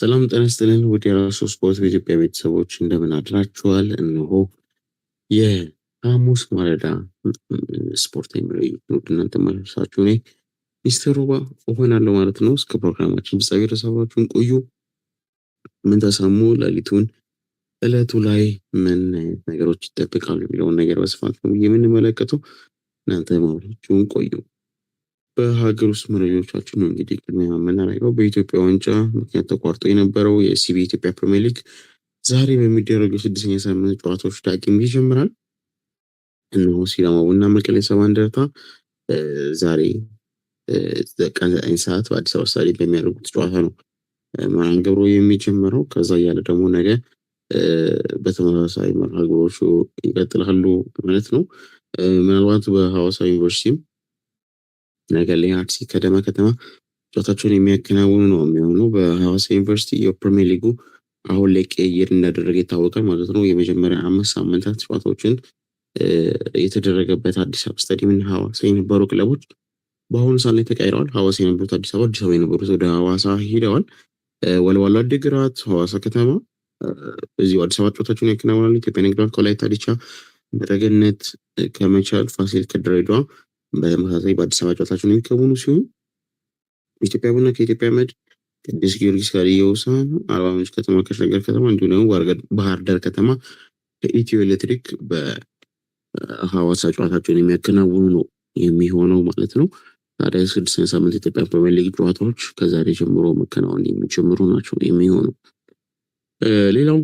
ሰላም ጤና ይስጥልን ውድ የራሱ ስፖርት በኢትዮጵያ ቤተሰቦች እንደምን አድራችኋል? እነሆ የሐሙስ ማለዳ ስፖርት የሚለዩ ውድ እናንተ ማለሳችሁ እኔ ሚስተር ሩባ እሆናለሁ ማለት ነው። እስከ ፕሮግራማችን ፍጻሜ ድረስ አብራችሁን ቆዩ። ምን ተሰሙ? ሌሊቱን እለቱ ላይ ምን አይነት ነገሮች ይጠብቃሉ የሚለውን ነገር በስፋት ነው የምንመለከተው። እናንተ ማብራችሁን ቆዩ። በሀገር ውስጥ መረጃዎቻችን ነው እንግዲህ ቅድሚያ የምናደርገው። በኢትዮጵያ ዋንጫ ምክንያት ተቋርጦ የነበረው የሲቢ ኢትዮጵያ ፕሪሚየር ሊግ ዛሬ በሚደረገው ስድስተኛ ሳምንት ጨዋታዎች ዳግም ይጀምራል። እነሆ ሲዳማ ቡና፣ መቀሌ ሰባ እንደርታ ዛሬ ቀን ዘጠኝ ሰዓት በአዲስ አበባ ስታዲየም በሚያደርጉት ጨዋታ ነው መርሃ ግብሩ የሚጀምረው። ከዛ እያለ ደግሞ ነገ በተመሳሳይ መርሃ ግብሮቹ ይቀጥላሉ ማለት ነው። ምናልባት በሐዋሳ ዩኒቨርሲቲም ነገ ላይ አርሲ ከደማ ከተማ ጨዋታቸውን የሚያከናውኑ ነው የሚሆነው። በሐዋሳ ዩኒቨርሲቲ የፕሪሚየር ሊጉ አሁን ላይ ቅይር እንዳደረገ ይታወቃል ማለት ነው። የመጀመሪያ አምስት ሳምንታት ጨዋታዎችን የተደረገበት አዲስ አበባ ስታዲየምና ሐዋሳ የነበሩ ክለቦች በአሁኑ ሰዓት ላይ ተቀይረዋል። ሐዋሳ የነበሩት አዲስ አበባ፣ አዲስ አበባ የነበሩት ወደ ሐዋሳ ሂደዋል። ወልዋሎ አዲግራት፣ ሐዋሳ ከተማ እዚሁ አዲስ አበባ ጨዋታቸውን ያከናውናሉ። ኢትዮጵያ ንግድ ባንክ ከወላይታ ዲቻ፣ መቀለ ከመቻል፣ ፋሲል ከድሬዳዋ በተመሳሳይ በአዲስ አበባ ጨዋታቸውን የሚከውኑ ሲሆን ኢትዮጵያ ቡና ከኢትዮጵያ መድ፣ ቅዱስ ጊዮርጊስ ከሀዲያ ሆሳዕና፣ አርባ ምንጭ ከተማ ከሸገር ከተማ እንዲሁም ደግሞ ባህር ዳር ከተማ ከኢትዮ ኤሌክትሪክ በሀዋሳ ጨዋታቸውን የሚያከናውኑ ነው የሚሆነው ማለት ነው። ታዲያ ስድስተኛ ሳምንት የኢትዮጵያ ፕሪሚየር ሊግ ጨዋታዎች ከዛሬ ጀምሮ መከናወን የሚጀምሩ ናቸው የሚሆኑ። ሌላው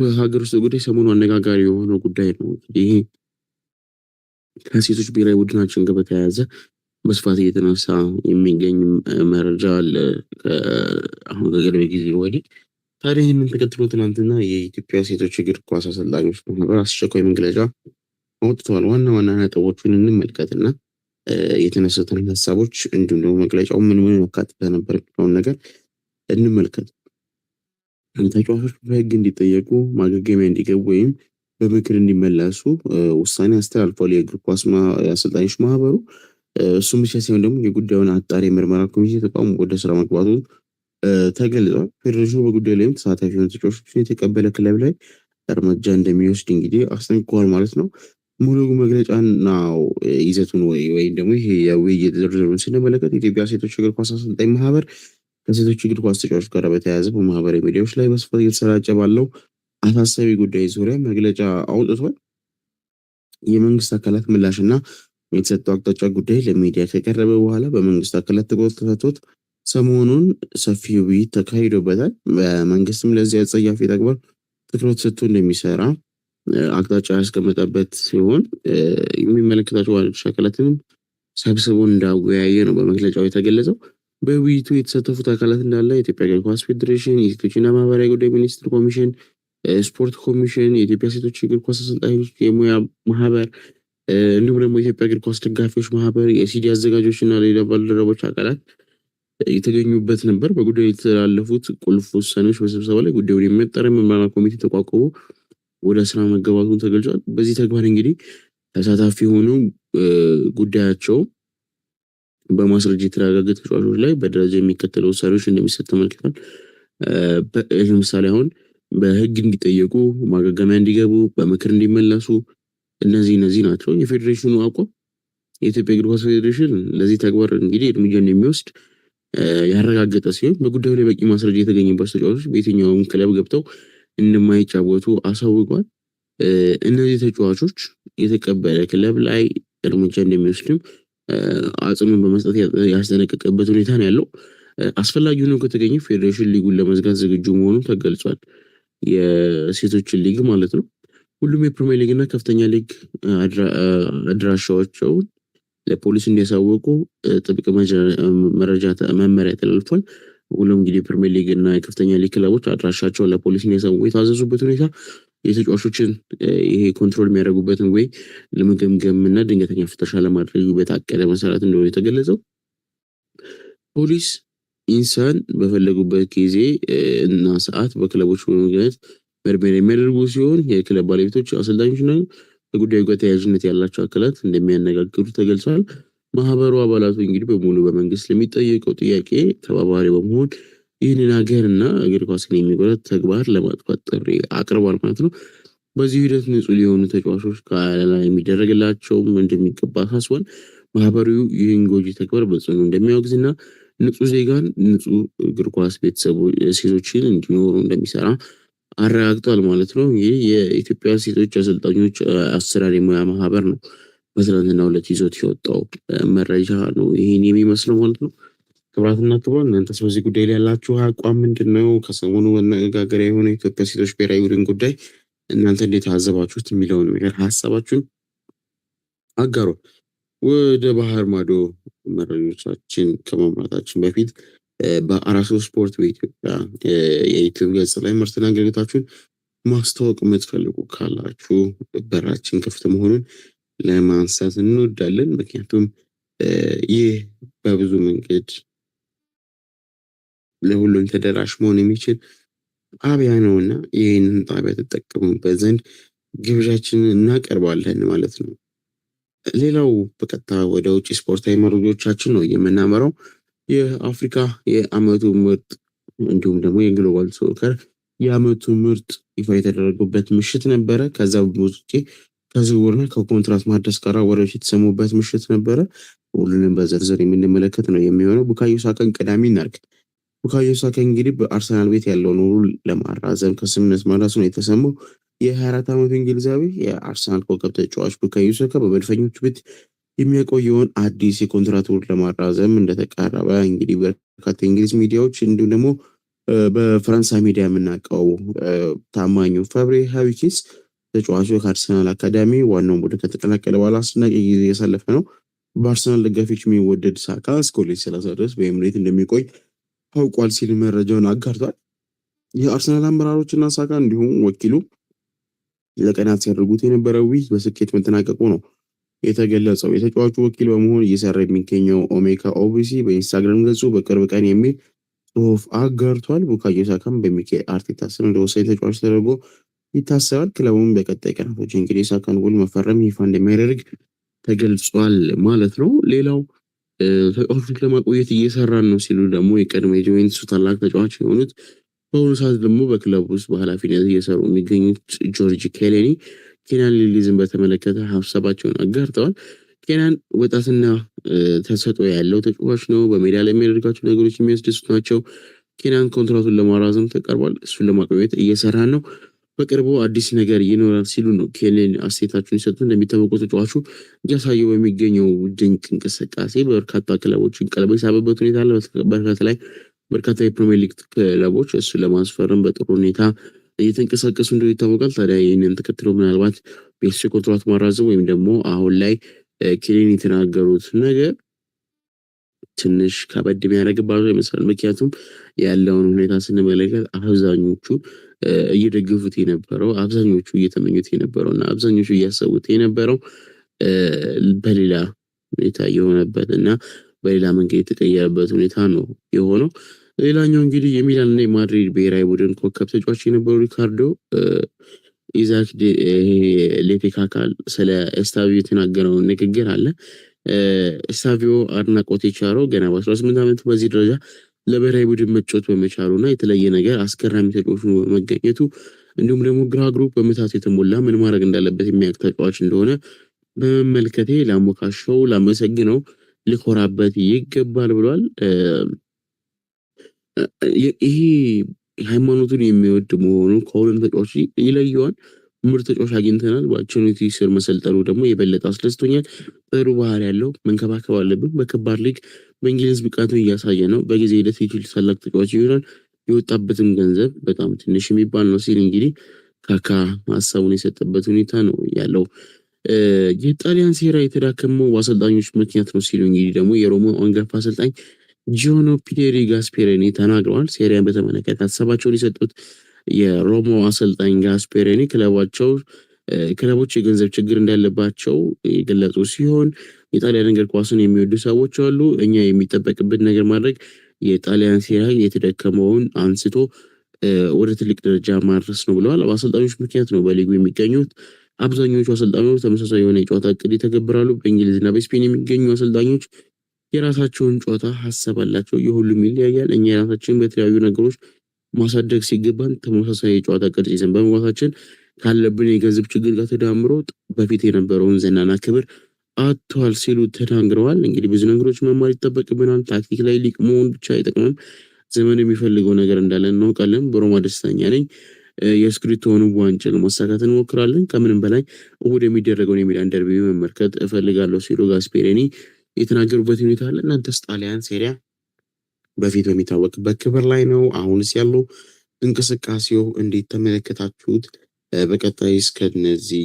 በሀገር ውስጥ ጉዳይ ሰሞኑ አነጋጋሪ የሆነው ጉዳይ ነው ይሄ ከሴቶች ብሔራዊ ቡድናችን ጋር በተያያዘ በስፋት እየተነሳ የሚገኝ መረጃ አለ። አሁን ከቅርብ ጊዜ ወዲህ ታዲያ ይህንን ተከትሎ ትናንትና የኢትዮጵያ ሴቶች እግር ኳስ አሰልጣኞች ማህበር አስቸኳይ መግለጫ አውጥተዋል። ዋና ዋና ነጥቦቹን እንመልከትና የተነሱትን ሀሳቦች እንዲሁም ደግሞ መግለጫው ምን ምን ያካትተ ነበር የሚለውን ነገር እንመልከት። ተጫዋቾች በህግ እንዲጠየቁ ማገገሚያ እንዲገቡ ወይም በምክር እንዲመለሱ ውሳኔ አስተላልፏል የእግር ኳስ አሰልጣኞች ማህበሩ። እሱም ብቻ ሳይሆን ደግሞ የጉዳዩን አጣሪ ምርመራ ኮሚቴ ተቋሙ ወደ ስራ መግባቱ ተገልጿል። ፌዴሬሽኑ በጉዳዩ ላይም ተሳታፊ የሆኑ ተጫዋቾችን የተቀበለ ክለብ ላይ እርምጃ እንደሚወስድ እንግዲህ አስጠንቅቋል ማለት ነው። ሙሉ መግለጫና ይዘቱን ወይም ደግሞ ይሄ የውይይት ዝርዝሩን ስንመለከት የኢትዮጵያ ሴቶች እግር ኳስ አሰልጣኝ ማህበር ከሴቶች እግር ኳስ ተጫዋቾች ጋር በተያያዘ በማህበራዊ ሚዲያዎች ላይ በስፋት እየተሰራጨ ባለው አሳሳቢ ጉዳይ ዙሪያ መግለጫ አውጥቷል። የመንግስት አካላት ምላሽና የተሰጠው አቅጣጫ ጉዳይ ለሚዲያ ከቀረበ በኋላ በመንግስት አካላት ትኩረት ተሰጥቶት ሰሞኑን ሰፊ ውይይት ተካሂዶበታል። በመንግስትም ለዚህ አጸያፊ ተግባር ትኩረት ሰጥቶ እንደሚሰራ አቅጣጫ ያስቀመጠበት ሲሆን የሚመለከታቸው ባለድርሻ አካላትንም ሰብስቦ እንዳወያየ ነው በመግለጫው የተገለጸው። በውይይቱ የተሳተፉት አካላት እንዳለ የኢትዮጵያ እግር ኳስ ፌዴሬሽን፣ የሴቶችና ማህበራዊ ጉዳይ ሚኒስትር ኮሚሽን ስፖርት ኮሚሽን፣ የኢትዮጵያ ሴቶች እግር ኳስ አሰልጣኞች የሙያ ማህበር እንዲሁም ደግሞ የኢትዮጵያ እግር ኳስ ደጋፊዎች ማህበር፣ የሲዲ አዘጋጆች እና ሌላ ባልደረቦች አካላት የተገኙበት ነበር። በጉዳዩ የተላለፉት ቁልፍ ውሳኔዎች በስብሰባ ላይ ጉዳዩን የሚያጠረ ምርመራ ኮሚቴ ተቋቁሞ ወደ ስራ መገባቱን ተገልጿል። በዚህ ተግባር እንግዲህ ተሳታፊ የሆኑ ጉዳያቸው በማስረጃ የተረጋገጠ ተጫዋቾች ላይ በደረጃ የሚከተለው ውሳኔዎች እንደሚሰጥ ተመልክቷል። ለምሳሌ አሁን በህግ እንዲጠየቁ ማገገሚያ እንዲገቡ በምክር እንዲመለሱ እነዚህ እነዚህ ናቸው። የፌዴሬሽኑ አቋም የኢትዮጵያ እግር ኳስ ፌዴሬሽን ለዚህ ተግባር እንግዲህ እርምጃ እንደሚወስድ ያረጋገጠ ሲሆን በጉዳዩ ላይ በቂ ማስረጃ የተገኘባቸው ተጫዋቾች በየትኛውም ክለብ ገብተው እንደማይጫወቱ አሳውቋል። እነዚህ ተጫዋቾች የተቀበለ ክለብ ላይ እርምጃ እንደሚወስድም አጽንኦን በመስጠት ያስጠነቀቀበት ሁኔታ ነው ያለው። አስፈላጊ ሆኖ ከተገኘ ፌዴሬሽን ሊጉን ለመዝጋት ዝግጁ መሆኑ ተገልጿል። የሴቶችን ሊግ ማለት ነው። ሁሉም የፕሪሚየር ሊግ እና ከፍተኛ ሊግ አድራሻዎቸውን ለፖሊስ እንዲያሳወቁ ጥብቅ መረጃ መመሪያ ተላልፏል። ሁሉም እንግዲህ የፕሪሚየር ሊግ እና የከፍተኛ ሊግ ክለቦች አድራሻቸውን ለፖሊስ እንዲያሳውቁ የታዘዙበት ሁኔታ የተጫዋቾችን ይሄ ኮንትሮል የሚያደርጉበትን ወይ ለመገምገም እና ድንገተኛ ፍተሻ ለማድረግ በታቀደ መሰረት እንደሆነ የተገለጸው ፖሊስ ኢንሳን በፈለጉበት ጊዜ እና ሰዓት በክለቦች በመገናኘት ምርመራ የሚያደርጉ ሲሆን የክለብ ባለቤቶች፣ አሰልጣኞች ነው በጉዳዩ ጋር ተያያዥነት ያላቸው አካላት እንደሚያነጋግሩ ተገልጿል። ማህበሩ አባላቱ እንግዲህ በሙሉ በመንግስት ለሚጠየቀው ጥያቄ ተባባሪ በመሆን ይህንን ሀገር እና እግር ኳስን የሚጎዳ ተግባር ለማጥፋት ጥሪ አቅርቧል ማለት ነው። በዚህ ሂደት ንጹህ ሊሆኑ ተጫዋቾች ከላ የሚደረግላቸውም እንደሚገባ አሳስቧል። ማህበሩ ይህን ጎጂ ተግባር በጽኑ እንደሚያወግዝ እንደሚያወግዝና ንጹህ ዜጋን ንጹህ እግር ኳስ ቤተሰቡ ሴቶችን እንዲኖሩ እንደሚሰራ አረጋግጧል ማለት ነው። ይህ የኢትዮጵያ ሴቶች አሰልጣኞች አሰራር የሙያ ማህበር ነው በትናንትና ሁለት ይዞት የወጣው መረጃ ነው ይህን የሚመስለው ማለት ነው። ክብራትና ክብራን እናንተስ በዚህ ጉዳይ ላይ ያላችሁ አቋም ምንድን ነው? ከሰሞኑ መነጋገሪያ የሆነ የኢትዮጵያ ሴቶች ብሔራዊ ቡድን ጉዳይ እናንተ እንዴት አዘባችሁት የሚለውን ነገር ሀሳባችሁን አጋሩ። ወደ ባህር ማዶ መረጃዎቻችን ከማምራታችን በፊት በአራሱ ስፖርት በኢትዮጵያ የዩቲዩብ ገጽ ላይ ምርትና አገልግሎታችሁን ማስታወቅ የምትፈልጉ ካላችሁ በራችን ክፍት መሆኑን ለማንሳት እንወዳለን። ምክንያቱም ይህ በብዙ መንገድ ለሁሉም ተደራሽ መሆን የሚችል ጣቢያ ነውና ይህንን ጣቢያ ተጠቀሙበት ዘንድ ግብዣችንን እናቀርባለን ማለት ነው። ሌላው በቀጥታ ወደ ውጭ ስፖርታዊ መረጃዎቻችን ነው የምናመራው። የአፍሪካ የአመቱ ምርጥ እንዲሁም ደግሞ የግሎባል ሶከር የአመቱ ምርጥ ይፋ የተደረጉበት ምሽት ነበረ። ከዛ ውጭ ከዝውውርና ከኮንትራት ማደስ ጋር ወሬዎች የተሰሙበት ምሽት ነበረ። ሁሉንም በዝርዝር የምንመለከት ነው የሚሆነው። ቡካዮ ሳካን ቀዳሚ እናርግ። ቡካዮ ሳካ እንግዲህ በአርሰናል ቤት ያለውን ውሉ ለማራዘም ከስምምነት መድረሱ ነው የተሰማው። የ24 ዓመቱ እንግሊዛዊ የአርሰናል ኮከብ ተጫዋች ቡካዮ ሳካ በመድፈኞቹ ቤት የሚያቆየውን አዲስ የኮንትራት ውል ለማራዘም እንደተቃረበ እንግዲህ በርካታ የእንግሊዝ ሚዲያዎች እንዲሁም ደግሞ በፈረንሳይ ሚዲያ የምናውቀው ታማኙ ፋብሪ ሃዊኪንስ ተጫዋቹ ከአርሰናል አካዳሚ ዋናውን ቡድን ከተቀላቀለ በኋላ አስደናቂ ጊዜ እያሳለፈ ነው። በአርሰናል ደጋፊዎች የሚወደድ ሳካ እስከ 2030 ድረስ በኤምሬት እንደሚቆይ ታውቋል ሲል መረጃውን አጋርቷል። የአርሰናል አመራሮች እና ሳካ እንዲሁም ወኪሉ ለቀናት ሲያደርጉት የነበረው ውይይት በስኬት መጠናቀቁ ነው የተገለጸው። የተጫዋቹ ወኪል በመሆን እየሰራ የሚገኘው ኦሜካ ኦቢሲ በኢንስታግራም ገጹ በቅርብ ቀን የሚል ጽሁፍ አጋርቷል። ቡካዮ ሳካም በሚካኤል አርቴታ ስም እንደ ተጫዋች ተደርጎ ይታሰባል። ክለቡም በቀጣይ ቀናቶች እንግዲህ ሳካን ውል መፈረም ይፋ እንደሚያደርግ ተገልጿል ማለት ነው። ሌላው ተጫዋቾች ለማቆየት እየሰራን ነው ሲሉ ደግሞ የቀድሞ የጁቬንቱስ ታላቅ ተጫዋች የሆኑት በአሁኑ ሰዓት ደግሞ በክለብ ውስጥ በኃላፊነት እየሰሩ የሚገኙት ጆርጅ ኬሌኒ ኬንያን ሊሊዝን በተመለከተ ሀሳባቸውን አጋርተዋል። ኬንያን ወጣትና ተሰጦ ያለው ተጫዋች ነው። በሜዳ ላይ የሚያደርጋቸው ነገሮች የሚያስደስቱ ናቸው። ኬንያን ኮንትራቱን ለማራዘም ተቀርቧል። እሱን ለማቆየት እየሰራ ነው። በቅርቡ አዲስ ነገር ይኖራል ሲሉ ነው ኬሌኒ አስተያየታቸውን ይሰጡ። እንደሚታወቀው ተጫዋቹ እያሳየው በሚገኘው ድንቅ እንቅስቃሴ በርካታ ክለቦችን ቀልብ የሳበበት ሁኔታ አለ። ላይ በርካታ የፕሪሚየር ሊግ ክለቦች እሱን ለማስፈረም በጥሩ ሁኔታ እየተንቀሳቀሱ እንደሆነ ይታወቃል። ታዲያ ይህንን ተከትሎ ምናልባት ቤሱ ኮንትራት ማራዘም ወይም ደግሞ አሁን ላይ ኬኔን የተናገሩት ነገር ትንሽ ከበድ የሚያደርግባቸው ይመስላል። ምክንያቱም ያለውን ሁኔታ ስንመለከት አብዛኞቹ እየደገፉት የነበረው አብዛኞቹ እየተመኙት የነበረው እና አብዛኞቹ እያሰቡት የነበረው በሌላ ሁኔታ የሆነበት እና በሌላ መንገድ የተቀየረበት ሁኔታ ነው የሆነው። ሌላኛው እንግዲህ የሚላን የማድሪድ ብሔራዊ ቡድን ኮከብ ተጫዋች የነበሩ ሪካርዶ ኢዛክ አካል ስለ ኤስታቪዮ የተናገረው ንግግር አለ። ኤስታቪዮ አድናቆት የቻለው ገና በ18 ዓመቱ በዚህ ደረጃ ለብሔራዊ ቡድን መጫወት በመቻሉ እና የተለየ ነገር አስገራሚ ተጫዋች በመገኘቱ እንዲሁም ደግሞ ግራ እግሩ በመታት የተሞላ ምን ማድረግ እንዳለበት የሚያውቅ ተጫዋች እንደሆነ በመመልከቴ ላሞካሸው፣ ላመሰግነው፣ ልኮራበት ይገባል ብሏል። ይሄ ሃይማኖቱን የሚወድ መሆኑ ከሁሉም ተጫዋች ይለየዋል። ምርጥ ተጫዋች አግኝተናል። በአንቸሎቲ ስር መሰልጠኑ ደግሞ የበለጠ አስደስቶኛል። ጥሩ ባህሪ ያለው መንከባከብ አለብን። በከባድ ሊግ በእንግሊዝ ብቃቱን እያሳየ ነው። በጊዜ ሂደት ይችል ታላቅ ተጫዋች ይሆናል። የወጣበትም ገንዘብ በጣም ትንሽ የሚባል ነው ሲል እንግዲህ ካካ ሀሳቡን የሰጠበት ሁኔታ ነው ያለው። የጣሊያን ሴራ የተዳከመው በአሰልጣኞች ምክንያት ነው ሲሉ እንግዲህ ደግሞ የሮማ አንጋፋ አሰልጣኝ ጂዮኖ ፒየሪ ጋስፔሬኒ ተናግረዋል። ሴሪያን በተመለከተ ሀሳባቸውን የሰጡት የሮማ አሰልጣኝ ጋስፔሬኒ ክለባቸው ክለቦች የገንዘብ ችግር እንዳለባቸው የገለጹ ሲሆን የጣሊያን እግር ኳስን የሚወዱ ሰዎች አሉ። እኛ የሚጠበቅብን ነገር ማድረግ የጣሊያን ሴራ የተደከመውን አንስቶ ወደ ትልቅ ደረጃ ማድረስ ነው ብለዋል። በአሰልጣኞች ምክንያት ነው በሊጉ የሚገኙት። አብዛኞቹ አሰልጣኞች ተመሳሳይ የሆነ የጨዋታ እቅድ ይተገብራሉ። በእንግሊዝና በስፔን የሚገኙ አሰልጣኞች የራሳቸውን ጨዋታ ሀሳብ አላቸው። የሁሉም ይለያያል። እኛ የራሳችን በተለያዩ ነገሮች ማሳደግ ሲገባን ተመሳሳይ የጨዋታ ቅርጽ ይዘን በመግባታችን ካለብን የገንዘብ ችግር ጋር ተዳምሮ በፊት የነበረውን ዝናና ክብር አጥቷል ሲሉ ተናግረዋል። እንግዲህ ብዙ ነገሮች መማር ይጠበቅብናል። ታክቲክ ላይ ሊቅ መሆን ብቻ አይጠቅምም። ዘመን የሚፈልገው ነገር እንዳለ እናውቃለን። በሮማ ደስተኛ ነኝ። ሆኑ ዋንጫ ለማሳካት እንሞክራለን። ከምንም በላይ እሁድ የሚደረገውን የሚላን ደርቢ መመልከት እፈልጋለሁ ሲሉ ጋስፔሬኒ የተናገሩበት ሁኔታ አለ። እናንተስ ጣሊያን ሴሪያ በፊት በሚታወቅበት ክብር ላይ ነው። አሁንስ ያለው እንቅስቃሴው እንዴት ተመለከታችሁት? በቀጣይ እስከነዚህ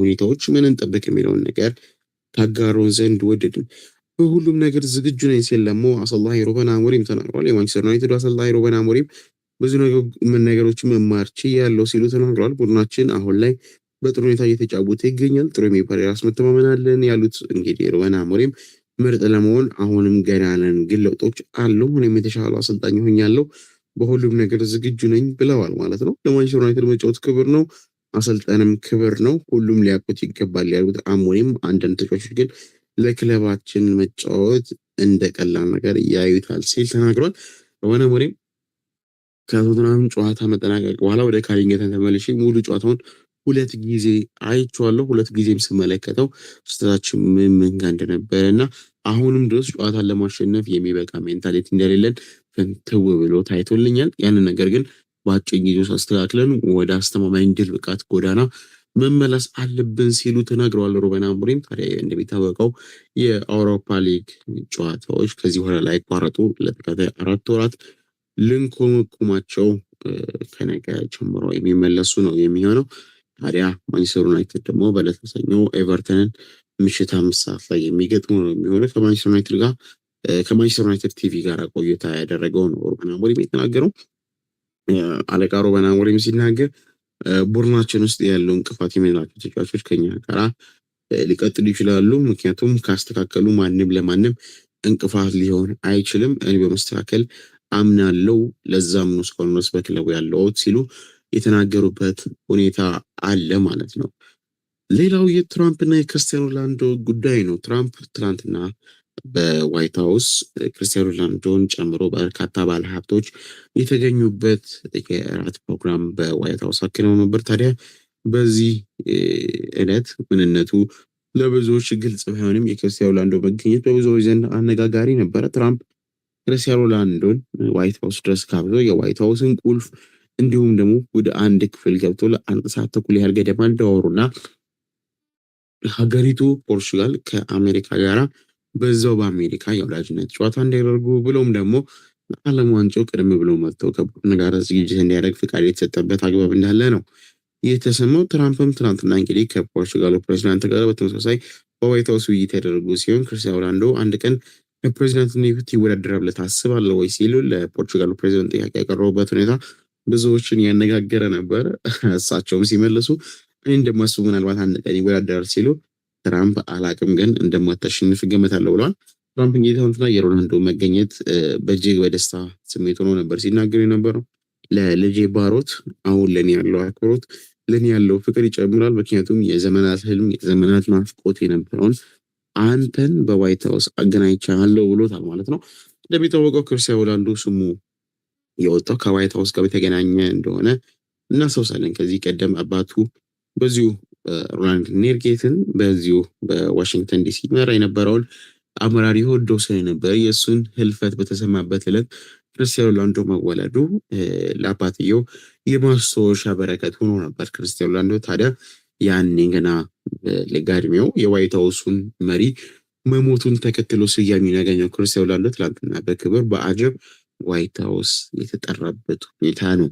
ሁኔታዎች ምን እንጠብቅ የሚለውን ነገር ታጋሩን ዘንድ ወደድን። በሁሉም ነገር ዝግጁ ነኝ ሲል ደግሞ አሰልጣኝ ሩበን አሞሪም ተናግሯል። የማንቸስተር ዩናይትድ አሰልጣኝ ሩበን አሞሪም ብዙ ነገሮች መማርች ያለው ሲሉ ተናግሯል። ቡድናችን አሁን ላይ በጥሩ ሁኔታ እየተጫወተ ይገኛል። ጥሩ የሚባል የራስ መተማመን አለን ያሉት እንግዲህ ሩበን አሞሪም ምርጥ ለመሆን አሁንም ገና ነን፣ ግን ለውጦች አሉ። ሁኔም የተሻለ አሰልጣኝ ሆኛለሁ፣ በሁሉም ነገር ዝግጁ ነኝ ብለዋል ማለት ነው። ለማንቸስተር ዩናይትድ መጫወት ክብር ነው፣ አሰልጣንም ክብር ነው፣ ሁሉም ሊያውቁት ይገባል ያሉት አሞሪም አንዳንድ ተጫዋቾች ግን ለክለባችን መጫወት እንደ ቀላል ነገር ያዩታል ሲል ተናግሯል። ሩበን አሞሪም ከቶትናም ጨዋታ መጠናቀቅ በኋላ ወደ ካሊንግተን ተመልሼ ሙሉ ጨዋታውን ሁለት ጊዜ አይቼዋለሁ። ሁለት ጊዜም ስመለከተው ስህተታችን ምን ምን ጋር እንደነበረ እና አሁንም ድረስ ጨዋታን ለማሸነፍ የሚበቃ ሜንታሊቲ እንደሌለን ፍንትው ብሎ ታይቶልኛል። ያንን ነገር ግን በአጭር ጊዜ ውስጥ አስተካክለን ወደ አስተማማኝ ድል ብቃት ጎዳና መመለስ አለብን ሲሉ ተናግረዋል ሩበን አሞሪም። ታዲያ እንደሚታወቀው የአውሮፓ ሊግ ጨዋታዎች ከዚህ በኋላ ላይ ቋረጡ ለተከታታይ አራት ወራት ልንኮመኩማቸው ከነገ ጀምሮ የሚመለሱ ነው የሚሆነው። ታዲያ ማንቸስተር ዩናይትድ ደግሞ በዕለተ ሰኞ ኤቨርተንን ምሽት አምስት ሰዓት ላይ የሚገጥሙ ነው የሚሆነው። ከማንቸስተር ዩናይትድ ጋር ከማንቸስተር ዩናይትድ ቲቪ ጋር ቆይታ ያደረገው ነው ሩበን አሞሪም የተናገረው። አለቃ ሩበን አሞሪም ሲናገር ቡድናችን ውስጥ ያለው እንቅፋት የምንላቸው ተጫዋቾች ከኛ ጋር ሊቀጥሉ ይችላሉ። ምክንያቱም ካስተካከሉ ማንም ለማንም እንቅፋት ሊሆን አይችልም። እኔ በመስተካከል አምናለው። ለዛም ነው እስካሁን ድረስ በክለቡ ያለውት ሲሉ የተናገሩበት ሁኔታ አለ ማለት ነው። ሌላው የትራምፕና የክርስቲያን ሮላንዶ ጉዳይ ነው። ትራምፕ ትናንትና በዋይት ሀውስ ክርስቲያን ሮላንዶን ጨምሮ በርካታ ባለሀብቶች የተገኙበት የራት ፕሮግራም በዋይት ሀውስ አክነው ነበር። ታዲያ በዚህ ዕለት ምንነቱ ለብዙዎች ግልጽ ባይሆንም የክርስቲያን ሮላንዶ መገኘት በብዙዎች ዘንድ አነጋጋሪ ነበረ። ትራምፕ ክርስቲያን ሮላንዶን ዋይት ሀውስ ድረስ ካብዞ የዋይት ሀውስን ቁልፍ እንዲሁም ደግሞ ወደ አንድ ክፍል ገብቶ ለአንድ ሰዓት ተኩል ያህል ገደማ እንዳወሩና ሀገሪቱ ፖርቹጋል ከአሜሪካ ጋራ በዛው በአሜሪካ የወዳጅነት ጨዋታ እንዲያደርጉ ብሎም ደግሞ ለዓለም ዋንጫው ቀደም ብሎ መጥተው ከቡድን ጋር ዝግጅት እንዲያደርግ ፍቃድ የተሰጠበት አግባብ እንዳለ ነው የተሰማው። ትራምፕም ትናንትና እንግዲህ ከፖርቹጋሉ ፕሬዚዳንት ጋር በተመሳሳይ በዋይት ሀውስ ውይይት ያደረጉ ሲሆን ክርስቲያን ሮናልዶ አንድ ቀን ለፕሬዚዳንትነት ይወዳደራል ብለህ ታስባለህ ወይ ሲሉ ለፖርቹጋሉ ፕሬዚዳንት ጥያቄ ያቀረቡበት ሁኔታ ብዙዎችን ያነጋገረ ነበር። እሳቸውም ሲመለሱ እኔ እንደማስቡ ምናልባት አንድ ቀን ይወዳደራል ሲሉ ትራምፕ አላቅም ግን እንደማታሸንፍ እገምታለሁ ብለዋል። ትራምፕ እንግዲህ ትናንትና የሮናልዶ መገኘት በእጅግ በደስታ ስሜት ሆኖ ነበር ሲናገሩ የነበረው። ለልጄ ባሮት አሁን ለእኔ ያለው አክብሮት ለእኔ ያለው ፍቅር ይጨምራል። ምክንያቱም የዘመናት ህልም የዘመናት ናፍቆት የነበረውን አንተን በዋይት ሀውስ አገናኝቻለሁ ብሎታል ማለት ነው። እንደሚታወቀው ክርስቲያን ሮናልዶ ስሙ የወጣው ከዋይት ሀውስ ጋር የተገናኘ እንደሆነ እናስታውሳለን። ከዚህ ቀደም አባቱ በዚሁ ሮናልድ ኔርጌትን በዚሁ በዋሽንግተን ዲሲ መራ የነበረውን አመራሪ ወዶ ስለነበረ የእሱን ህልፈት በተሰማበት ዕለት ክርስቲያኖ ላንዶ መወለዱ ለአባትየው የማስታወሻ በረከት ሆኖ ነበር። ክርስቲያኖ ሮናልዶ ታዲያ ያኔ ገና ለጋ ዕድሜው የዋይት ሀውሱን መሪ መሞቱን ተከትሎ ስያሜን ያገኘው ክርስቲያኖ ሮናልዶ ትላንትና በክብር በአጀብ ዋይት ሀውስ የተጠራበት ሁኔታ ነው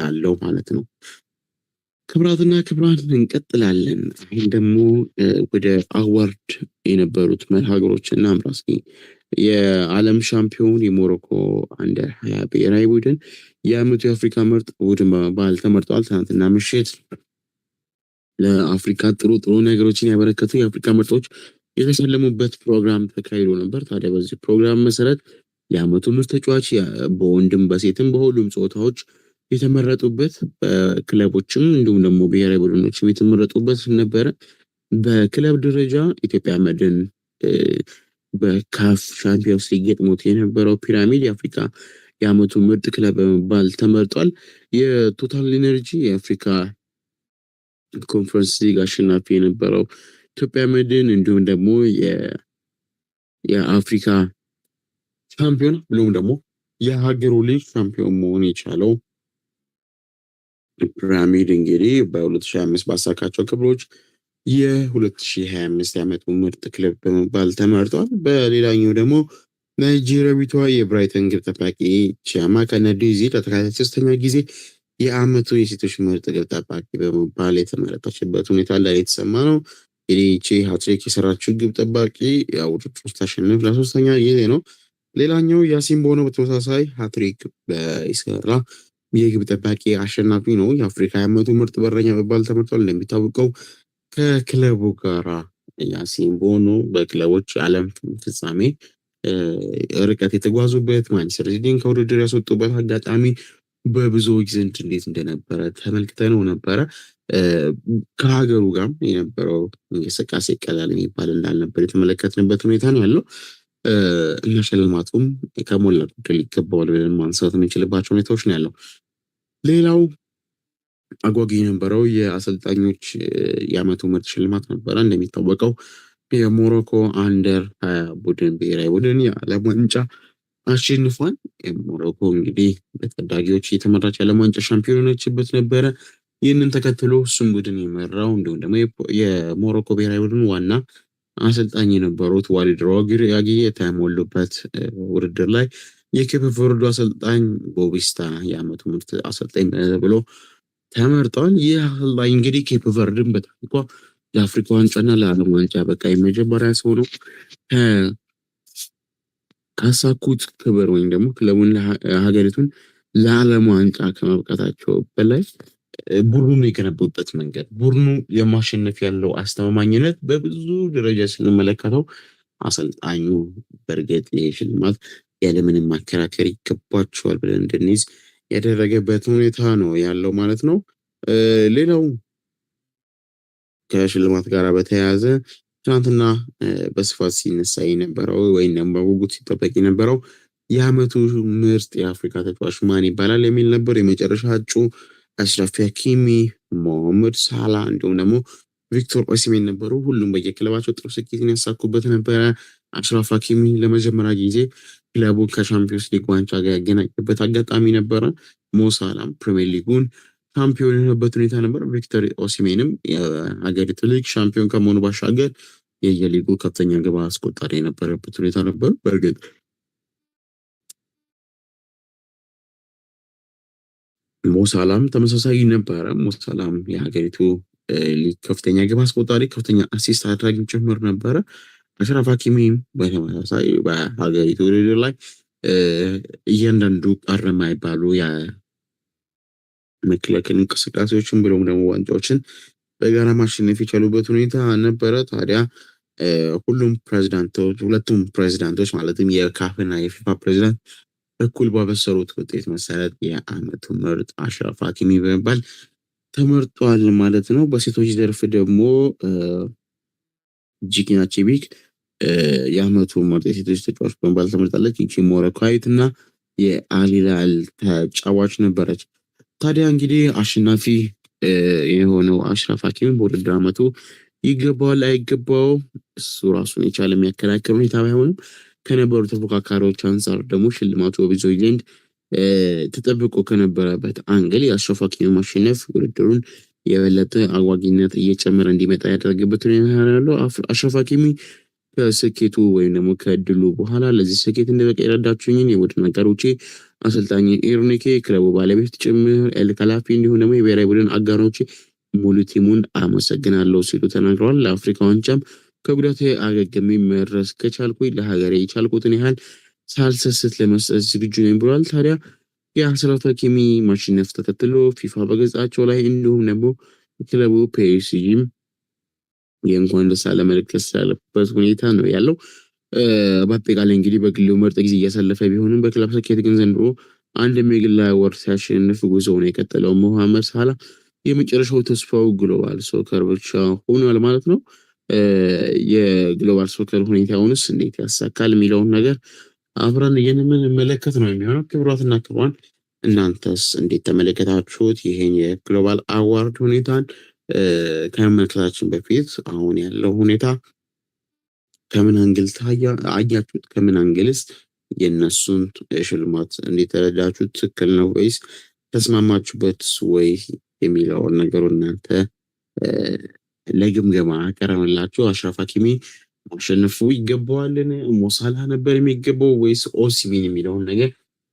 ያለው ማለት ነው። ክብራትና ክብራን እንቀጥላለን። አሁን ደግሞ ወደ አዋርድ የነበሩት መርሃግሮች እና ምራስ የዓለም ሻምፒዮን የሞሮኮ አንደር ሀያ ብሔራዊ ቡድን የአመቱ የአፍሪካ ምርጥ ቡድን በመባል ተመርጠዋል። ትናንትና ምሽት ለአፍሪካ ጥሩ ጥሩ ነገሮችን ያበረከቱ የአፍሪካ ምርጦች የተሸለሙበት ፕሮግራም ተካሂዶ ነበር። ታዲያ በዚህ ፕሮግራም መሰረት የአመቱ ምርጥ ተጫዋች በወንድም በሴትም በሁሉም ፆታዎች የተመረጡበት በክለቦችም እንዲሁም ደግሞ ብሔራዊ ቡድኖችም የተመረጡበት ነበረ። በክለብ ደረጃ ኢትዮጵያ መድን በካፍ ሻምፒዮንስ ሊግ ገጥሞት የነበረው ፒራሚድ የአፍሪካ የአመቱ ምርጥ ክለብ በመባል ተመርጧል። የቶታል ኢነርጂ የአፍሪካ ኮንፈረንስ ሊግ አሸናፊ የነበረው ኢትዮጵያ መድን እንዲሁም ደግሞ የአፍሪካ ቻምፒዮን ብሎም ደግሞ የሀገሩ ልጅ ቻምፒዮን መሆን የቻለው ፒራሚድ እንግዲህ በ2025 ባሳካቸው ክብሮች የ2025 ዓመቱ ምርጥ ክለብ በመባል ተመርጧል። በሌላኛው ደግሞ ናይጄሪያዊቷ የብራይተን ግብ ጠባቂ ቺያማካ ናዶzie ለተከታታይ ሶስተኛ ጊዜ የዓመቱ የሴቶች ምርጥ ግብ ጠባቂ በመባል የተመረጠችበት ሁኔታ ላይ የተሰማ ነው። እንግዲህ ይቺ ሃትሪክ የሰራችው ግብ ጠባቂ ውድድር ውስጥ ታሸንፍ ለሶስተኛ ጊዜ ነው። ሌላኛው ያሲን ቦኖ በተመሳሳይ ሃትሪክ በኢስራ የግብ ጠባቂ አሸናፊ ነው። የአፍሪካ ዓመቱ ምርጥ በረኛ በመባል ተመርጧል። እንደሚታወቀው ከክለቡ ጋራ ያሲን ቦኖ በክለቦች ዓለም ፍጻሜ ርቀት የተጓዙበት ማንቸስተር ሲቲን ከውድድር ያስወጡበት አጋጣሚ በብዙዎች ዘንድ እንዴት እንደነበረ ተመልክተ ነው ነበረ። ከሀገሩ ጋር የነበረው እንቅስቃሴ ቀላል የሚባል እንዳልነበር የተመለከትንበት ሁኔታ ነው ያለው። እና ሽልማቱም ከሞላ ጎደል ይገባዋል ብለን ማንሳት የምንችልባቸው ሁኔታዎች ነው ያለው። ሌላው አጓጊ የነበረው የአሰልጣኞች የአመቱ ምርጥ ሽልማት ነበረ። እንደሚታወቀው የሞሮኮ አንደር ሀያ ቡድን ብሔራዊ ቡድን የዓለም ዋንጫ አሸንፏል። የሞሮኮ እንግዲህ በታዳጊዎች የተመራች የዓለም ዋንጫ ሻምፒዮን ሆነችበት ነበረ። ይህንን ተከትሎ እሱም ቡድን የመራው እንዲሁም ደግሞ የሞሮኮ ብሔራዊ ቡድን ዋና አሰልጣኝ የነበሩት ዋሊድ ያግየ የተሞሉበት ውድድር ላይ የኬፕ ቨርዱ አሰልጣኝ ቦቢስታ የአመቱ ምርት አሰልጣኝ ብሎ ተመርጠዋል። ይህ አሰልጣኝ እንግዲህ ኬፕ ቨርድን በታሪኳ ለአፍሪካ ዋንጫና ለዓለም ዋንጫ በቃ የመጀመሪያ ሰው ነው። ካሳኩት ክብር ወይም ደግሞ ክለቡን ሀገሪቱን ለዓለም ዋንጫ ከመብቃታቸው በላይ ቡድኑን የገነቡበት መንገድ ቡድኑ የማሸነፍ ያለው አስተማማኝነት በብዙ ደረጃ ስንመለከተው አሰልጣኙ በእርግጥ ይሄ ሽልማት ያለምንም ማከራከር ይገባቸዋል ብለን እንድንይዝ ያደረገበት ሁኔታ ነው ያለው ማለት ነው። ሌላው ከሽልማት ጋር በተያያዘ ትናንትና በስፋት ሲነሳ የነበረው ወይም ደግሞ በጉጉት ሲጠበቅ የነበረው የአመቱ ምርጥ የአፍሪካ ተጫዋች ማን ይባላል የሚል ነበር። የመጨረሻ እጩ አሽራፊ ሀኪሚ፣ ሞሐመድ ሳላ እንዲሁም ደግሞ ቪክቶር ኦሲሜን ነበሩ። ሁሉም በየክለባቸው ጥሩ ስኬትን ያሳኩበት ነበረ። አሽራፍ ሀኪሚ ለመጀመሪያ ጊዜ ክለቡን ከሻምፒዮንስ ሊግ ዋንጫ ጋር ያገናኘበት አጋጣሚ ነበረ። ሞሳላም ፕሪሚየር ሊጉን ሻምፒዮን የሆነበት ሁኔታ ነበር። ቪክቶር ኦሲሜንም የሀገሪቱ ሊግ ሻምፒዮን ከመሆኑ ባሻገር የየሊጉ ከፍተኛ ግብ አስቆጣሪ የነበረበት ሁኔታ ነበር በእርግጥ ሞሳላም ተመሳሳይ ነበረ። ሞሳላም የሀገሪቱ ከፍተኛ ግብ አስቆጣሪ፣ ከፍተኛ አሲስት አድራጊ ጭምር ነበረ። አሽራፍ ሀኪሚም በተመሳሳይ በሀገሪቱ ውድድር ላይ እያንዳንዱ ቀር የማይባሉ የመከላከል እንቅስቃሴዎችን ብሎም ደግሞ ዋንጫዎችን በጋራ ማሸነፍ የቻሉበት ሁኔታ ነበረ። ታዲያ ሁሉም ፕሬዚዳንቶች ሁለቱም ፕሬዚዳንቶች ማለትም የካፍና የፊፋ ፕሬዚዳንት በኩል ባበሰሩት ውጤት መሰረት የአመቱ ምርጥ አሽራፍ ሀኪሚ በመባል ተመርጧል ማለት ነው። በሴቶች ዘርፍ ደግሞ ጂኪና ቼቢክ የአመቱ ምርጥ የሴቶች ተጫዋች በመባል ተመርጣለች። ይቺ ሞሮካዊት እና የአሊላል ተጫዋች ነበረች። ታዲያ እንግዲህ አሸናፊ የሆነው አሽራፍ ሀኪሚ በውድድር አመቱ ይገባዋል አይገባው እሱ ራሱን የቻለ የሚያከራክር ሁኔታ ባይሆንም ከነበሩ ተፎካካሪዎች አንጻር ደግሞ ሽልማቱ በብዙዎች ዘንድ ተጠብቆ ከነበረበት አንግል የአሸፋኪ ማሸነፍ ውድድሩን የበለጠ አጓጊነት እየጨመረ እንዲመጣ ያደረገበት ሁኔታ ያለው ከስኬቱ ወይም ደግሞ ከእድሉ በኋላ ለዚህ ስኬት እንደበቃ የረዳችኝን የቡድን አጋሮቼ አሰልጣኝ ኢሮኒኬ፣ ክለቡ ባለቤት ጭምር ኤልካላፊ እንዲሁም ደግሞ የብሔራዊ ቡድን አጋሮቼ ሙሉ ቲሙን አመሰግናለሁ ሲሉ ተናግረዋል። ለአፍሪካ ዋንጫም ከጉዳቴ አገግሜ መድረስ ከቻልኩኝ ለሀገሬ የቻልኩትን ያህል ሳልሰስት ለመስጠት ዝግጁ ነኝ ብሏል። ታዲያ የአስራቱ ሀኪሚ ማሽነፍ ተከትሎ ፊፋ በገጻቸው ላይ እንዲሁም ደግሞ ክለቡ ፔሲጂም የእንኳን ደሳ አለ መልእክት ሁኔታ ነው ያለው። በአጠቃላይ እንግዲህ በግሌው ምርጥ ጊዜ እያሳለፈ ቢሆንም በክለብ ስኬት ግን ዘንድሮ አንድ የግላ ወር ሲያሸንፍ ጉዞ ነው የቀጠለው መሐመድ ሳላ የመጨረሻው ተስፋው ግሎባል ሶከር ብቻ ሆኗል ማለት ነው። የግሎባል ሶከር ሁኔታውንስ እንዴት ያሳካል የሚለውን ነገር አብረን የምንመለከት ነው የሚሆነው። ክብሯትና ክብሯን እናንተስ እንዴት ተመለከታችሁት? ይሄን የግሎባል አዋርድ ሁኔታን ከመመልከታችን በፊት አሁን ያለው ሁኔታ ከምን አንግል አያችሁት? ከምን አንግልስ የእነሱን ሽልማት እንዴት ተረዳችሁት? ትክክል ነው ወይስ ተስማማችሁበት ወይ የሚለውን ነገሩ እናንተ ለግምገማ ያቀረበላቸው አሽራፍ ሀኪሚ ማሸነፉ ይገባዋልን? ሞሳላ ነበር የሚገባው ወይስ ኦሲሚን የሚለውን ነገር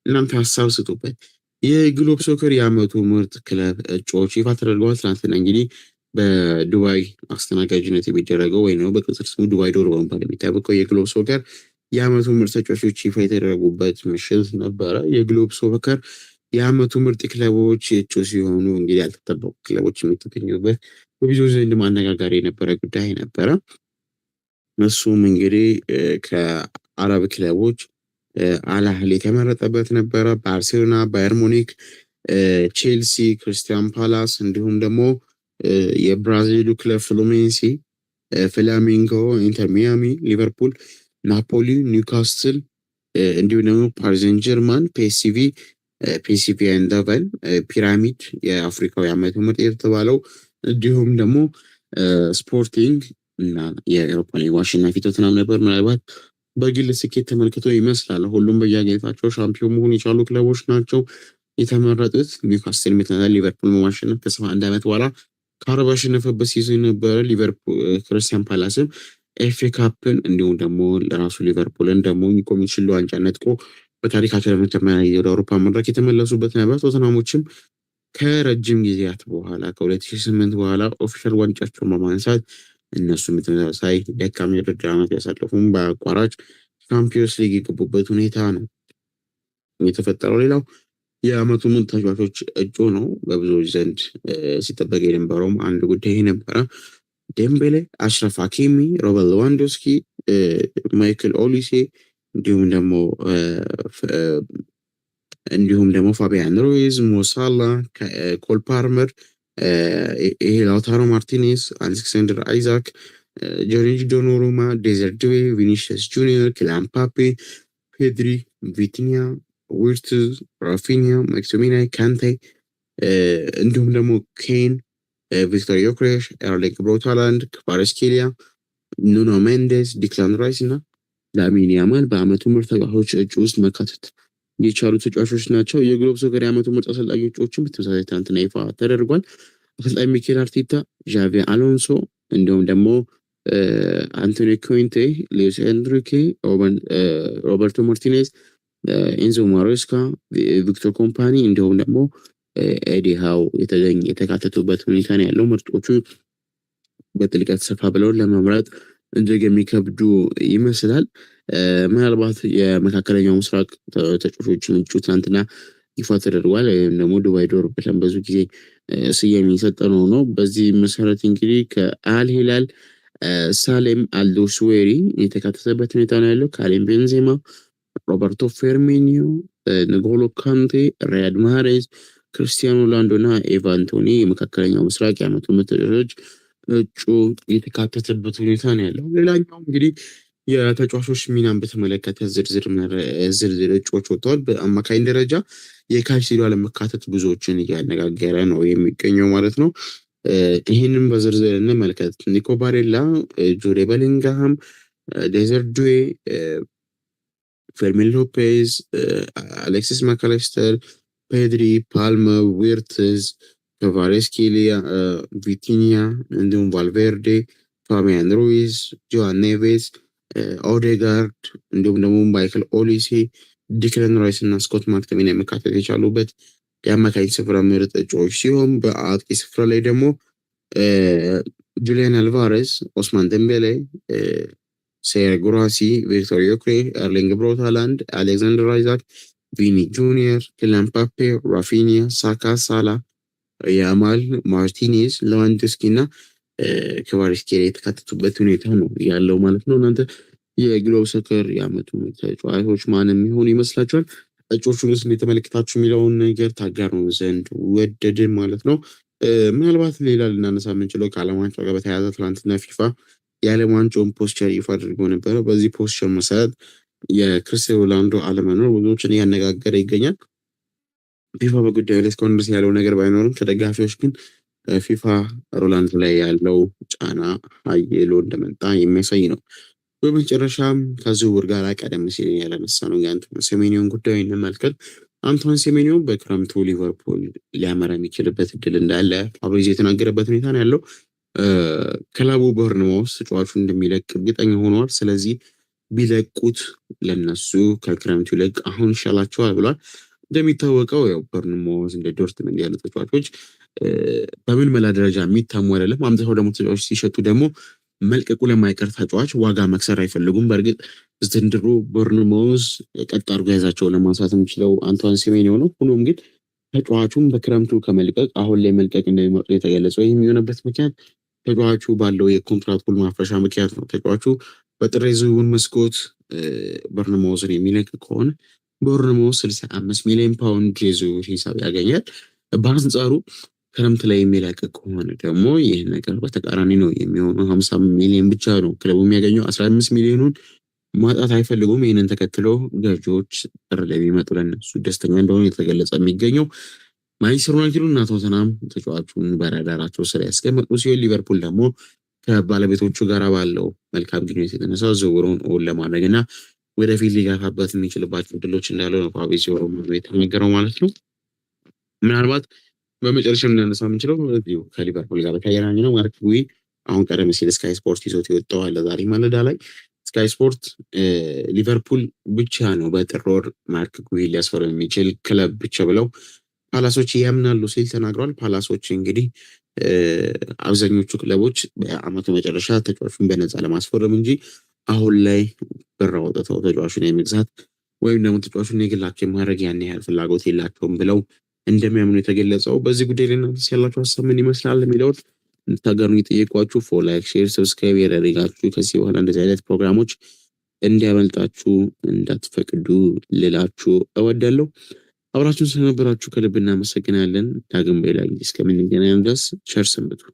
እናንተ ሀሳብ ስጡበት። የግሎብ ሶከር የአመቱ ምርጥ ክለብ እጩዎች ይፋ ተደርገዋል። ትናንትና እንግዲህ በዱባይ አስተናጋጅነት የሚደረገው ወይ ነው በቅጽል ስሙ ዱባይ ዶር በመባል የሚታወቀው የግሎብ ሶከር የአመቱ ምርጥ ተጫዋቾች ይፋ የተደረጉበት ምሽት ነበረ። የግሎብ ሶከር የአመቱ ምርጥ ክለቦች እጩ ሲሆኑ እንግዲህ ያልተጠበቁ ክለቦች የሚተገኙበት በብዙዎች ዘንድ ማነጋገር የነበረ ጉዳይ ነበረ። እሱም እንግዲህ ከአረብ ክለቦች አላህል የተመረጠበት ነበረ። ባርሴሎና፣ ባየር ሙኒክ፣ ቼልሲ፣ ክርስቲያን ፓላስ እንዲሁም ደግሞ የብራዚሉ ክለብ ፍሉሜንሲ፣ ፍላሚንጎ፣ ኢንተር ሚያሚ፣ ሊቨርፑል፣ ናፖሊ፣ ኒውካስትል እንዲሁም ደግሞ ፓሪዘን ጀርማን፣ ፒኤስቪ፣ ፒኤስቪ አይንድሆቨን፣ ፒራሚድ የአፍሪካዊ ዓመት ምርጥ የተባለው እንዲሁም ደግሞ ስፖርቲንግ እና የኤሮፓ ሊግ አሸናፊ ቶተንሃም ነበር። ምናልባት በግል ስኬት ተመልክቶ ይመስላል ሁሉም በየሀገሪታቸው ሻምፒዮን መሆን የቻሉ ክለቦች ናቸው የተመረጡት። ኒውካስትል ዩናይትድ ሊቨርፑል በማሸነፍ ከሰባ አንድ ዓመት በኋላ ከአርባ ያሸነፈበት ሲዝን ነበረ። ሊቨርፑል ክርስቲያን ፓላስም ኤፍ ኤ ካፕን እንዲሁም ደግሞ ለራሱ ሊቨርፑልን ደግሞ ኮሚሽን ለዋንጫ ነጥቆ በታሪካቸው ለመጀመሪያ ወደ አውሮፓ መድረክ የተመለሱበት ነበር። ቶተናሞችም ከረጅም ጊዜያት በኋላ ከ2008 በኋላ ኦፊሻል ዋንጫቸውን በማንሳት እነሱ ተመሳሳይ ደካማ የውድድር ዓመት ያሳለፉም በአቋራጭ ቻምፒዮንስ ሊግ የገቡበት ሁኔታ ነው የተፈጠረው። ሌላው የዓመቱ ምን ተጫዋቾች እጩ ነው። በብዙዎች ዘንድ ሲጠበቅ የነበረውም አንድ ጉዳይ ነበረ። ዴምቤሌ፣ አሽረፍ ሀኪሚ፣ ሮበርት ሌዋንዶስኪ፣ ማይክል ኦሊሴ እንዲሁም ደግሞ እንዲሁም ደግሞ ፋቢያን ሩይዝ፣ ሞሳላ፣ ኮል ፓርመር፣ ይሄ ላውታሮ ማርቲኔስ፣ አሌክሳንደር አይዛክ፣ ጆርጅ ዶኖሩማ፣ ዴዘርድዌ፣ ቪኒሽስ ጁኒየር፣ ክላምፓፔ፣ ፔድሪ፣ ቪቲኒያ፣ ዊርትዝ፣ ራፊኒያ፣ ማክሲሚናይ፣ ካንቴ እንዲሁም ደግሞ ኬን፣ ቪክቶር ዮክሬሽ፣ ኤርሊንግ ብራውት ሃላንድ፣ ክቫራትስኬሊያ፣ ኑኖ ሜንዴስ፣ ዲክላን ራይስ እና ላሚን ያማል በአመቱ ምርጥ ተጫዋቾች እጩ ውስጥ መካተት የቻሉ ተጫዋቾች ናቸው። የግሎብ ሶከር የዓመቱ ምርጥ አሰልጣኝ እጩዎችም በተመሳሳይ ትናንትና ይፋ ተደርጓል። አሰልጣኝ ሚኬል አርቴታ፣ ዣቪ አሎንሶ እንዲሁም ደግሞ አንቶኒ ኮንቴ፣ ሌዊስ ኤንሪኬ፣ ሮበርቶ ማርቲኔዝ፣ ኢንዞ ማሬስካ፣ ቪክቶር ኮምፓኒ እንዲሁም ደግሞ ኤዲ ሃው የተገኝ የተካተቱበት ሁኔታ ነው ያለው። ምርጦቹ በጥልቀት ሰፋ ብለው ለመምረጥ እጅግ የሚከብዱ ይመስላል። ምናልባት የመካከለኛው ምስራቅ ተጫዋቾችን እጩ ትናንትና ይፋ ተደርጓል። ወይም ደግሞ ዱባይ ዶር ብለን ብዙ ጊዜ ስያሜ የሚሰጠ ነው። ነው በዚህ መሰረት እንግዲህ ከአል ሂላል ሳሌም አልዶስዌሪ የተካተተበት ሁኔታ ነው ያለው። ካሪም ቤንዜማ፣ ሮበርቶ ፌርሚኒዮ፣ ንጎሎ ካንቴ፣ ሪያድ ማሬዝ፣ ክርስቲያኖ ሮናልዶ እና ኢቫን የመካከለኛው ምስራቅ የአመቱ ምርጥ ተጫዋቾች እጩ የተካተተበት ሁኔታ ነው ያለው። ሌላኛው እንግዲህ የተጫዋቾች ሚናን በተመለከተ ዝርዝር ዝርዝር እጩዎች ወጥተዋል። በአማካኝ ደረጃ የካይሴዶ አለመካተት ብዙዎችን እያነጋገረ ነው የሚገኘው ማለት ነው። ይህንም በዝርዝር እንመልከት። ኒኮ ባሬላ፣ ጁሬ በሊንግሃም፣ ዴዘርት ዱዌ፣ ፌርሚን ሎፔዝ፣ አሌክሲስ ማካሌስተር፣ ፔድሪ፣ ፓልመ ዊርትዝ Kvareskelia ቪቲኒያ፣ እንዲሁም ቫልቬርዴ፣ ፋቢያን ሩይዝ፣ ጆሃን ኔቬዝ፣ ኦዴጋርድ እንዲሁም ደግሞ ማይክል ኦሊሴ፣ ዲክለን ራይስ እና ስኮት ማክተሚና መካተት የቻሉበት የአማካኝ ስፍራ ምርጥ እጩዎች ሲሆን በአጥቂ ስፍራ ላይ ደግሞ ጁሊያን አልቫሬዝ፣ ኦስማን ደምቤሌ፣ ሴር ጉራሲ፣ ቪክቶር ዮክሬ፣ ኤርሊንግ ብሮት አሌክዛንደር አይዛክ፣ ቪኒ ጁኒየር፣ ኪሊያን ምባፔ፣ ራፊኒያ፣ ሳካ፣ ሳላ ያማል፣ ማርቲኔዝ፣ ሌቫንዶስኪ እና ክቫራትስኬሊያ የተካተቱበት ሁኔታ ነው ያለው ማለት ነው። እናንተ የግሎብ ሰከር የአመቱ ተጫዋቾች ማን የሚሆን ይመስላችኋል? እጩዎቹንስ የተመለከታችሁ የሚለውን ነገር ታጋሩ ዘንድ ወደድን ማለት ነው። ምናልባት ሌላ ልናነሳ የምንችለው ከዓለም ዋንጫ ጋር በተያያዘ ትላንትና ፊፋ የዓለም ዋንጫውን ፖስቸር ይፋ አድርጎ ነበረ። በዚህ ፖስቸር መሰረት የክርስቲያኖ ሮናልዶ አለመኖር ብዙዎችን እያነጋገረ ይገኛል። ፊፋ በጉዳዩ ላይ እስካሁን ድረስ ያለው ነገር ባይኖርም ከደጋፊዎች ግን ፊፋ ሮላንድ ላይ ያለው ጫና አየሎ እንደመጣ የሚያሳይ ነው። በመጨረሻም ከዝውውር ጋር ቀደም ሲል ያለነሳ ነው የአንቶን ሴሜኒዮን ጉዳይ እንመልከት። አንቶን ሴሜኒዮን በክረምቱ ሊቨርፑል ሊያመራ የሚችልበት እድል እንዳለ ፋብሪዚዮ የተናገረበት ሁኔታ ነው ያለው። ክለቡ ቦርንማውስ ተጫዋቹ እንደሚለቅ እርግጠኛ ሆኗል። ስለዚህ ቢለቁት ለነሱ ከክረምቱ ይለቅ አሁን ይሻላቸዋል ብሏል። እንደሚታወቀው ያው ቦርንሞዝ እንደ ዶርትመንድ ያሉ ተጫዋቾች በምን መላ ደረጃ የሚታሙ አይደለም። አምጥተው ደግሞ ተጫዋች ሲሸጡ ደግሞ መልቀቁ ለማይቀር ተጫዋች ዋጋ መክሰር አይፈልጉም። በእርግጥ ዘንድሮ በርንሞዝ ቀጥ አድርጎ ያዛቸው ለማንሳት የሚችለው አንቷን ሲሜን የሆነው ሁኖም ግን ተጫዋቹም በክረምቱ ከመልቀቅ አሁን ላይ መልቀቅ እንደሚመርጡ የተገለጸው ይህ የሆነበት ምክንያት ተጫዋቹ ባለው የኮንትራት ውል ማፍረሻ ምክንያት ነው። ተጫዋቹ በጥሬ የዝውውር መስኮት በርንሞዝን የሚለቅ ከሆነ ቦርንሞ 65 ሚሊዮን ፓውንድ የዝውውር ሂሳብ ያገኛል። በአንጻሩ ክረምት ላይ የሚለቅ ከሆነ ደግሞ ይህ ነገር በተቃራኒ ነው የሚሆኑ 50 ሚሊዮን ብቻ ነው ክለቡ የሚያገኘው። 15 ሚሊዮኑን ማጣት አይፈልጉም። ይህንን ተከትሎ ገዢዎች ጥር ለሚመጡ ለነሱ ደስተኛ እንደሆኑ የተገለጸ የሚገኘው ማንቸስተር ዩናይትዱ እና ቶተናም ተጫዋቹን በረዳራቸው ስራ ያስቀመጡ ሲሆን ሊቨርፑል ደግሞ ከባለቤቶቹ ጋር ባለው መልካም ግንኙነት የተነሳ ዝውውሩን እውን ለማድረግ እና ወደፊት ሊገፋበት የሚችልባቸው እድሎች እንዳሉ ነው ፓቤሲዮ ሮማኖ የተናገረው ማለት ነው። ምናልባት በመጨረሻ የምናነሳ የምንችለው ከሊቨርፑል ጋር በተያያዘ ነው። ማርክ ጉሂን አሁን ቀደም ሲል ስካይ ስፖርት ይዞት የወጣዋለ ዛሬ ማለዳ ላይ ስካይ ስፖርት ሊቨርፑል ብቻ ነው በጥር ወር ማርክ ጉሂን ሊያስፈርም የሚችል ክለብ ብቻ ብለው ፓላሶች ያምናሉ ሲል ተናግሯል። ፓላሶች እንግዲህ አብዛኞቹ ክለቦች በአመቱ መጨረሻ ተጫዋቹን በነፃ ለማስፈረም እንጂ አሁን ላይ ብር አውጥተው ተጫዋቹን የመግዛት ወይም ደግሞ ተጫዋቹን የግላቸው የማድረግ ያን ያህል ፍላጎት የላቸውም ብለው እንደሚያምኑ የተገለጸው። በዚህ ጉዳይ ላይ እናንተስ ያላችሁ ሀሳብ ምን ይመስላል የሚለውን እንድታገሩ የጠየቋችሁ ፎ ላይክ፣ ሼር፣ ሰብስክራይብ ያደረጋችሁ ከዚህ በኋላ እንደዚህ አይነት ፕሮግራሞች እንዲያመልጣችሁ እንዳትፈቅዱ ልላችሁ እወዳለሁ። አብራችሁን ስለነበራችሁ ከልብ እናመሰግናለን። ዳግም በላይ እስከምንገናኝ ድረስ ቸር ሰንብቱ።